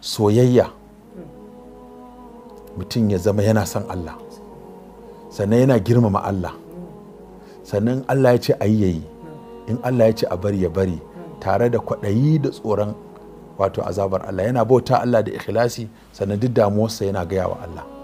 soyayya mutum ya zama yana son Allah sannan yana girmama Allah sannan Allah ya ce ayyayi in Allah ya ce a bari ya bari tare da kwaɗayi da tsoron wato azabar Allah yana bauta Allah da ikhlasi sannan duk damuwarsa yana gaya wa Allah